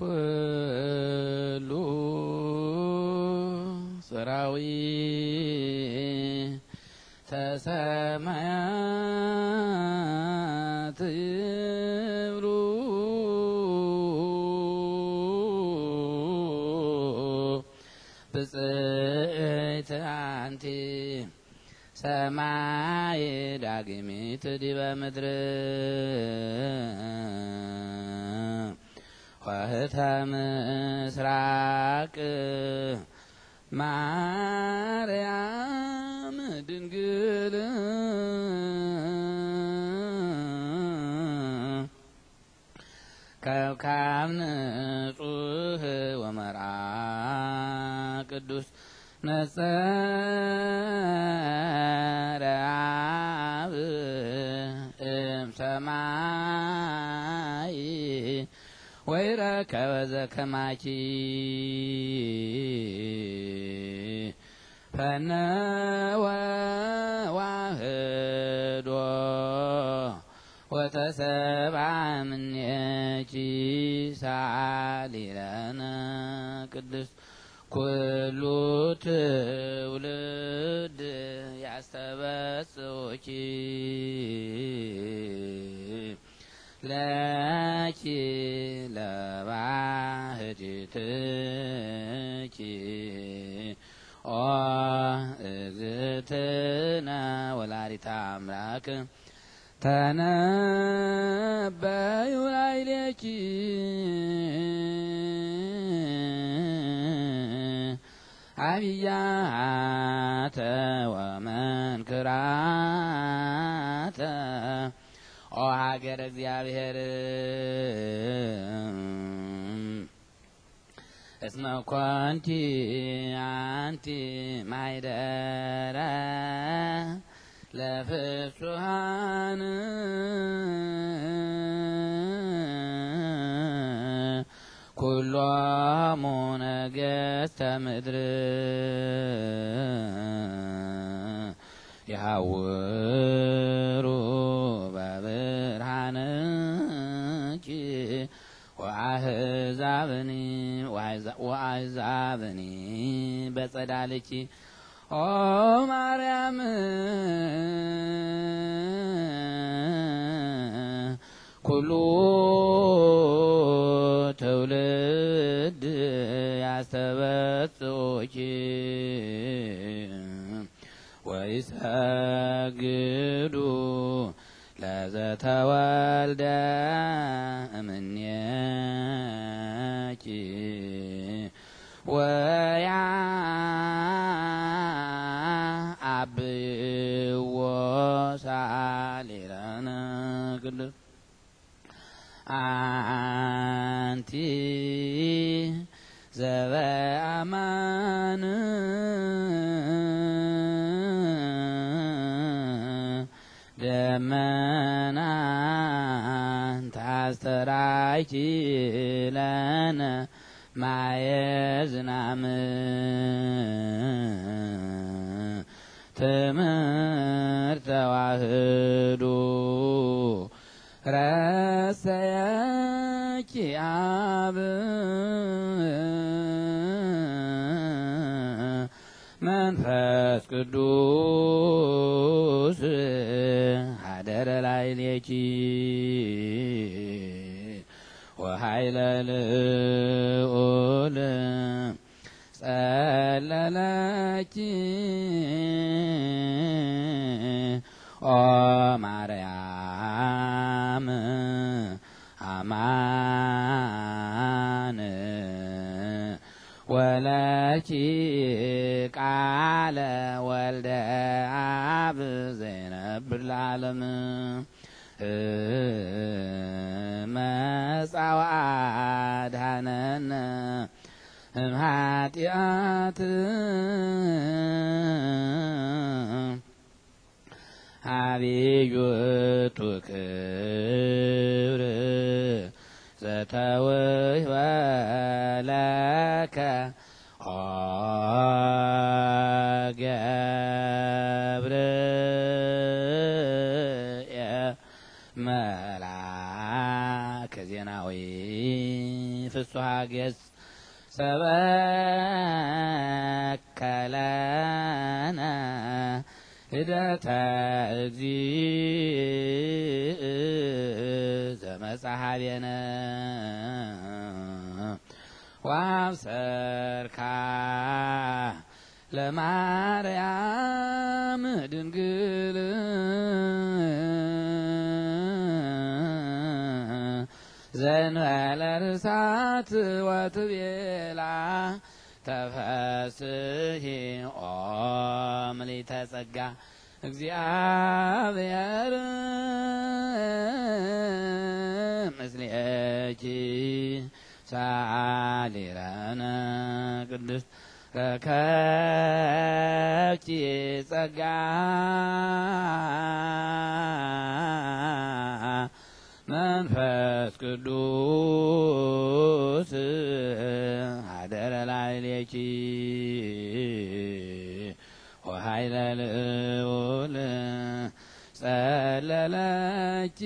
ኩሉ ሰራዊ ተሰማያት ይብሉ ብጽዕት አንቲ ሰማይ ዳግሚት ዲበ ምድር ተምስራቅ ማርያም ድንግል ከብካብ ንጹህ ወመርዓ ቅዱስ ነጸረ አብ እም ወይረ ከበዘ ከማቺ ፈነወ ዋህዶ ወተሰብአ እምኔኪ ሳሊለነ ቅድስት ኩሉ ትውልድ ያስተበጽኡኪ ለኪ ለባህቲትኪ ኦ እግዝእትነ ወላዲተ አምላክ ተነበዩ ላዕሌኪ አብያተ ወመንክራ او هاجر زيابير اسمع كوانتي انتي مايدرا لفسوهان كل عامون اجاز تمدر يهورو አሕዛብኒ ወአሕዛብኒ በጸዳልኪ ኦ ማርያም ኩሉ ትውልድ ያስተበጽኦኪ ወይሰግዱ ለዘተወልደ እምኔ ውጪ ወያ አብዎ ሳሌላነ ቅዱስ አንቲ ዘበ ይችላነ ማየዝናም ትምህርት ተዋህዶ ረሰየኪ ኣብ መንፈስ ቅዱስ ሀደረ ላዕሌኪ ኃይለ ልዑል ኦ ማርያም አማን ወለኪ ቃለ ወልደ አብ ዘይነብር ለዓለም ጻዋአድሃነነ እምሃጢአት አብዩቱ ክብር ዘተወ ገጽ ሰበከ ለነ ሂደተ እግዚእ ዘመጽሐቤነ ወአብሰርካ ለማርያም ድንግል ለርሳት ወትቤላ ተፈስሂ ኦምሊ ተጸጋ እግዚአብሔር ምስሌኪ ሳሊረነ ቅዱስ ረከብኪ ጸጋ ቅዱስ ሀደረ ላዕሌኪ ወኃይለ ልዑል ጸለለኪ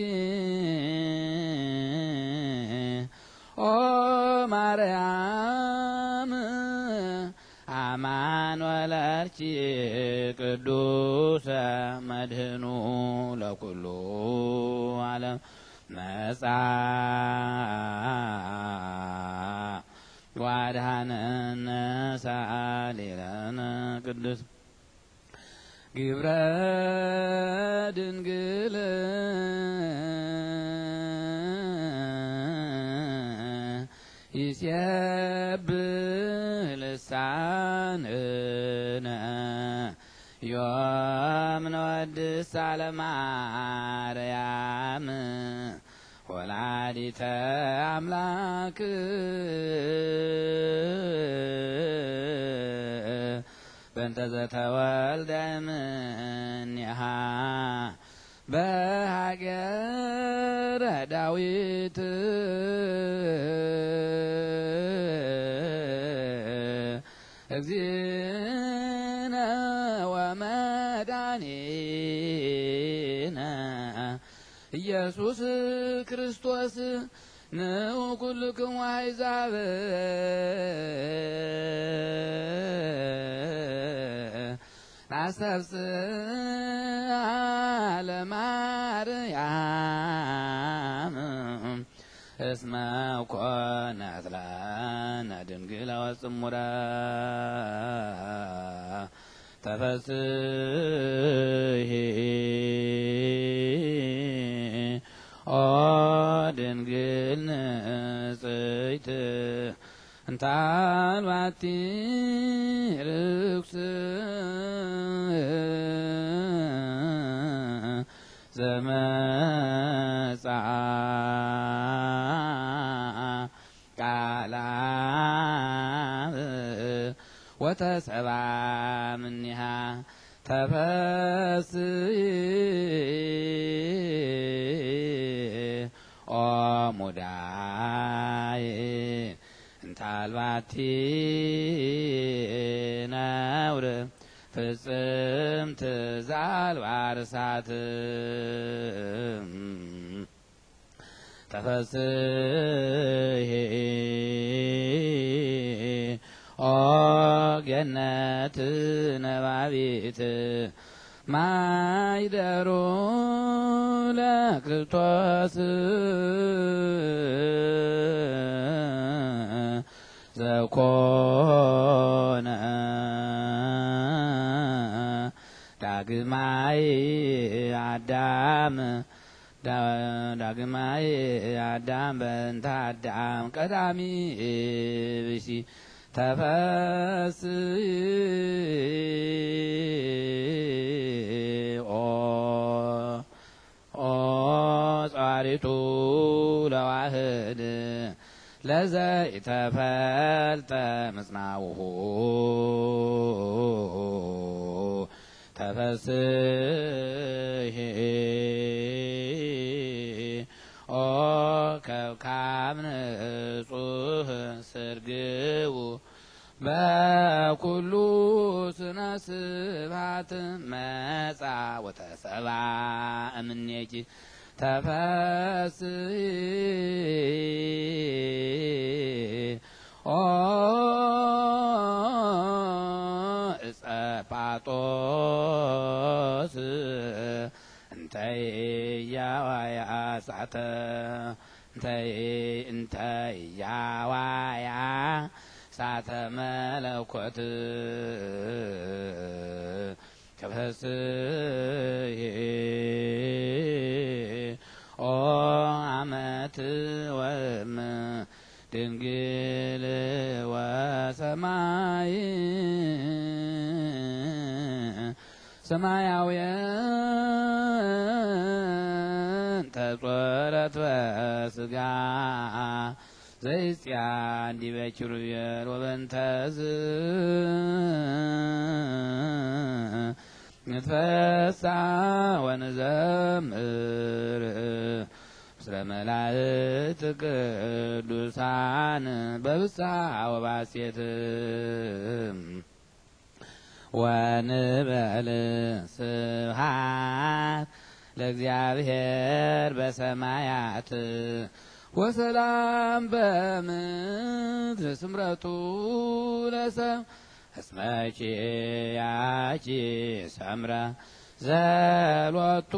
ኦ ማርያም አማኑኤለኪ ቅዱሰ መድህኑ ለኩሉ ዓለም መጽአ ወአድኀነነ ሳሌለነ ቅዱስ ግብረ ድንግል ይሴብህ ልሳንነ ዮም ንወድስ ወላዲተ አምላክ በእንተ ዘተወልደ እምኔሃ በሀገረ ዳዊት እግዚእ ኢየሱስ ክርስቶስ ንዑ ኩልክሙ አሕዛብ አሰብስዐ ለማርያም እስመ ኮነት ለነ ድንግል ወጽሙራ ተፈሥሒ ድንግል ንጽሕት እንተ አልባቲ ርኩስ ዘመጻ ቃላብ ወተሰባ ምኒሃ ተፈስሒ አልባቲነ ውርም ፍጽምት ዘአልባ ርሳት ተፈስሒ ኦ ገነት ነባቢት ማይደሩ ለክርስቶስ ዘኮነ ዳግማይ አዳም ዳግማይ አዳም በእንተ አዳም ቀዳሚ ብሲ ተፈስኦ ኦ ጻሪቱ ለዘይተፈልጠ ምጽናውሁ ተፈስሒ ኦ ከብካብ ንጹህ ስርግቡ በኩሉ ስነ ስባት መጻ ወተሰባ እምኔኪ ተፈስሒ እንተይ እንተይ ሳተ መለኮት ከፈስ ኦ አመት ወም ድንግል ወሰማይ ሰማያውያ ጾረት ስጋ ዘይጽያን ዲበኪሩቤል ወበንተዝ ንትፈሳ ወንዘምር ምስለ መላእክት ቅዱሳን በብስሐ ወባሴት ወንበል ስብሐት ለእግዚአብሔር በሰማያት ወሰላም በምድር ስምረቱ ለሰብ እስመቺ ያቺ ሰምረ ዘሎቱ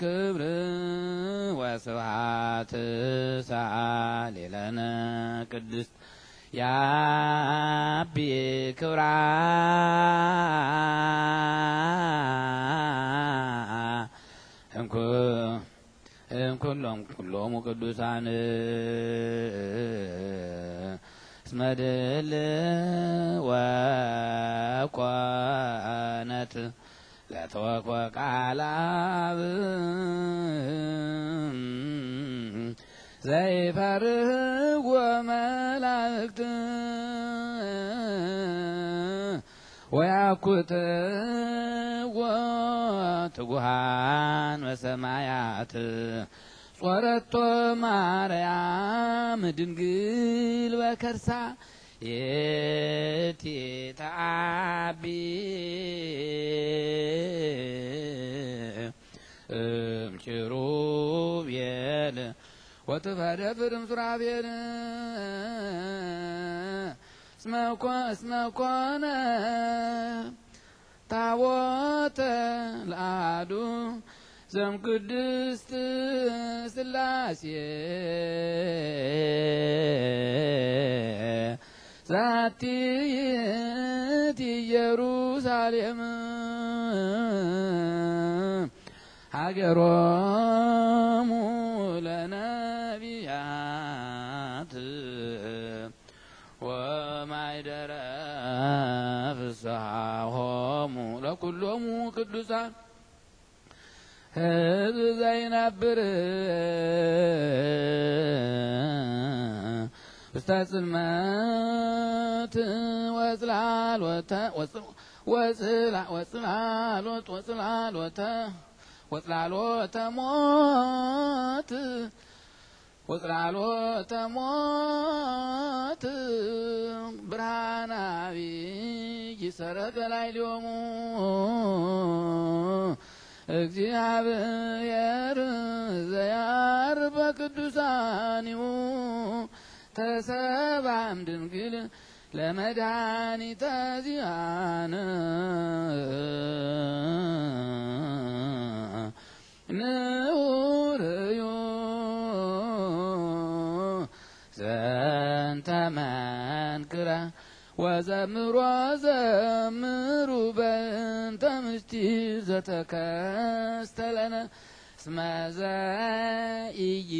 ክብር ወስብሃት ሳሌለነ ቅድስት ያቢ ክብራ እንኩሎም ኩሎሙ ቅዱሳን እስመ ድል ወቆነት ለተወኮ ቃላብ ዘይፈርህ ወመላእክት ወያኩት ትጉሃን በሰማያት ጾረቶ ማርያም ድንግል በከርሳ የቲ ተአቢ እምኪሩቤል ወትፈደፍርም ሱራቤል እስመ ኮነ ታቦተ ለአዱ ዘምቅድስት ስላሴ ዛቲት ኢየሩሳሌም ሀገሮሙ ለነ ሎሙ ለኩሎሙ ቅዱሳን ህዝብ ዘይናብር ውስተ ጽልመት ወጽላሎተ ወጽላሎት ወጽላሎተ ወጽላሎተ ሞት ወጽላሎተ ሞት ብርሃናዊ ይሰረፈ ላይ ሊሆሙ እግዚአብሔር ዘያርፈ ቅዱሳኒሁ ተሰባም ድንግል ለመድኃኒተ ዚአነ ንዑ ወዘምሩ ዘምሩ በእንተ ምስጢር ዘተከስተ ለነ እስመ ዘኢይሰባእ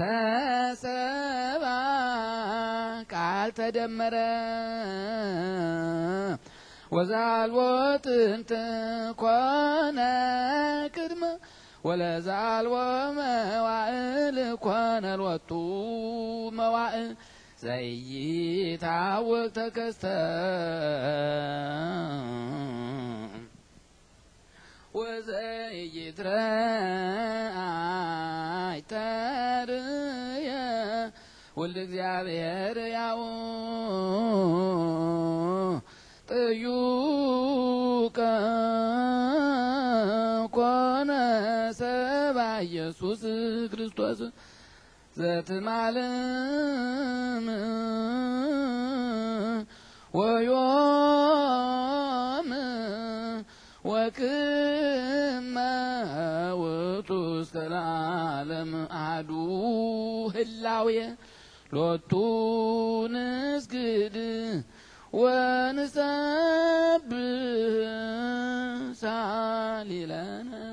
ተሰባ ቃል ተደመረ ወዛልወ ጥንት ኮነ ቅድመ ولا زال وما وعل كان الوقت ما وعل زيت عوق تكست وزيت راي تاريا ولد زيابير ياو طيور ኢየሱስ ክርስቶስ ዘትማለም ወዮም ወክመ ውእቱ እስከ ለዓለም አሐዱ ህላዌ ሎቱ ንስግድ ونسبح ساللنا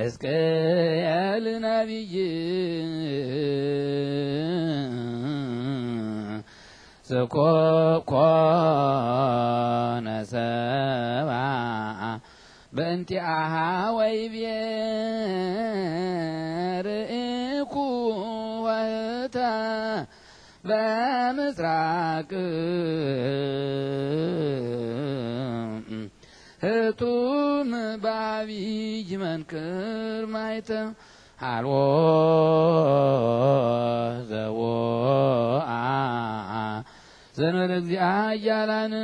ሕዝቅኤል ነቢይ ዝኮነ ሰብአ በእንቲአሃ ወይቤርኢኩ ወህተ በምስራቅ ህቱም በአብይ መንክር ማይተም አልዎ ዘዎ ዘንበለ እግዚአ ኃያላን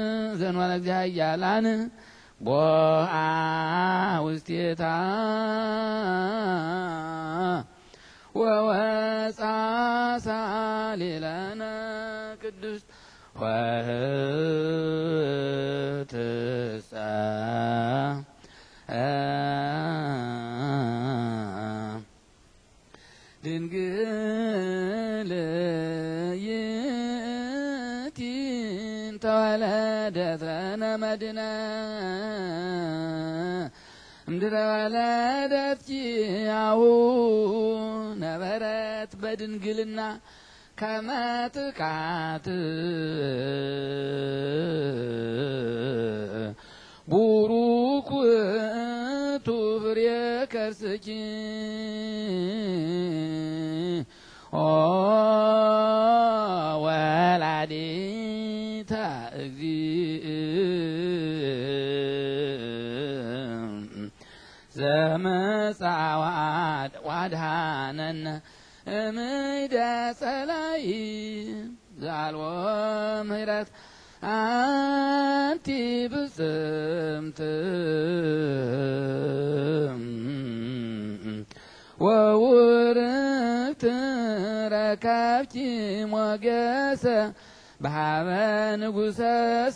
ዘንበለ እግዚአ ኃያላን ቦአ ውስቴታ ወወፃ ሳሌለነ ቅዱስ ድንግልና ከመጥቃት ቡሩክ ውእቱ ፍሬ ከርስኪ ወላዲተ እግዚእ ዘመጻ ዋድሃነነ እምዳ ጸላይ ዛልዎ ምህረት አንቲ ብጽምት ወውርት ረካብኪ ሞገሰ በሃበ ንጉሰ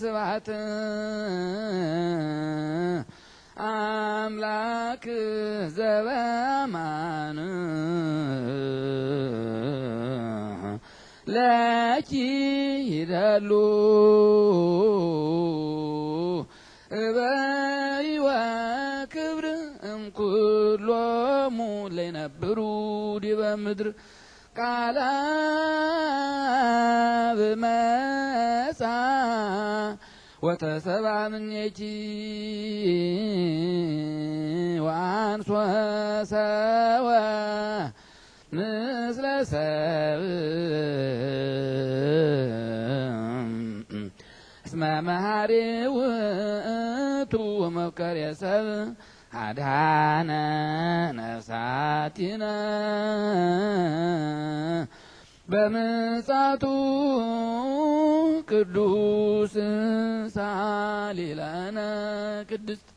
ስብሐት አምላክ ዘበማን ለኪ ይደሉ እበይወ ክብር እምኩሎሙ ለይነብሩ ዲበ ምድር ቃላ ብመጻ ወተሰባ ምኔኪ ወአንሶ ሰወ ምስለ ሰብ እስመ መሃሪ ውእቱ ወመፍቀሬ ሰብ አድሃነ ነፍሳቲነ በምጻቱ ቅዱስ ሳሊላነ ቅድስት